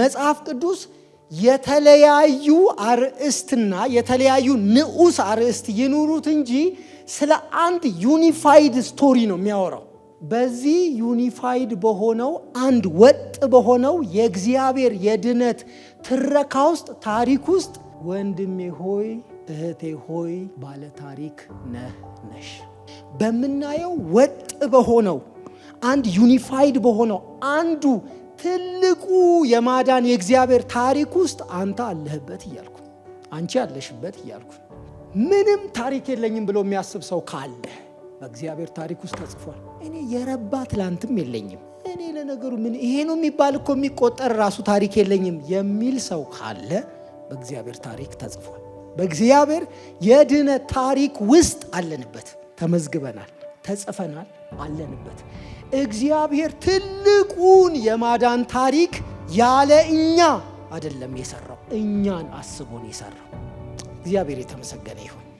መጽሐፍ ቅዱስ የተለያዩ አርእስትና የተለያዩ ንዑስ አርእስት ይኑሩት እንጂ ስለ አንድ ዩኒፋይድ ስቶሪ ነው የሚያወራው። በዚህ ዩኒፋይድ በሆነው አንድ ወጥ በሆነው የእግዚአብሔር የድነት ትረካ ውስጥ ታሪክ ውስጥ ወንድሜ ሆይ እህቴ ሆይ ባለ ታሪክ ነህ ነሽ። በምናየው ወጥ በሆነው አንድ ዩኒፋይድ በሆነው አንዱ ትልቁ የማዳን የእግዚአብሔር ታሪክ ውስጥ አንተ አለህበት እያልኩ አንቺ አለሽበት እያልኩ ምንም ታሪክ የለኝም ብሎ የሚያስብ ሰው ካለ በእግዚአብሔር ታሪክ ውስጥ ተጽፏል። እኔ የረባ ትላንትም የለኝም እኔ ለነገሩ ምን ይሄ ነው የሚባል እኮ የሚቆጠር ራሱ ታሪክ የለኝም የሚል ሰው ካለ በእግዚአብሔር ታሪክ ተጽፏል። በእግዚአብሔር የድነት ታሪክ ውስጥ አለንበት፣ ተመዝግበናል፣ ተጽፈናል፣ አለንበት። እግዚአብሔር ትልቁን የማዳን ታሪክ ያለ እኛ አይደለም የሰራው፣ እኛን አስቦን የሰራው። እግዚአብሔር የተመሰገነ ይሁን።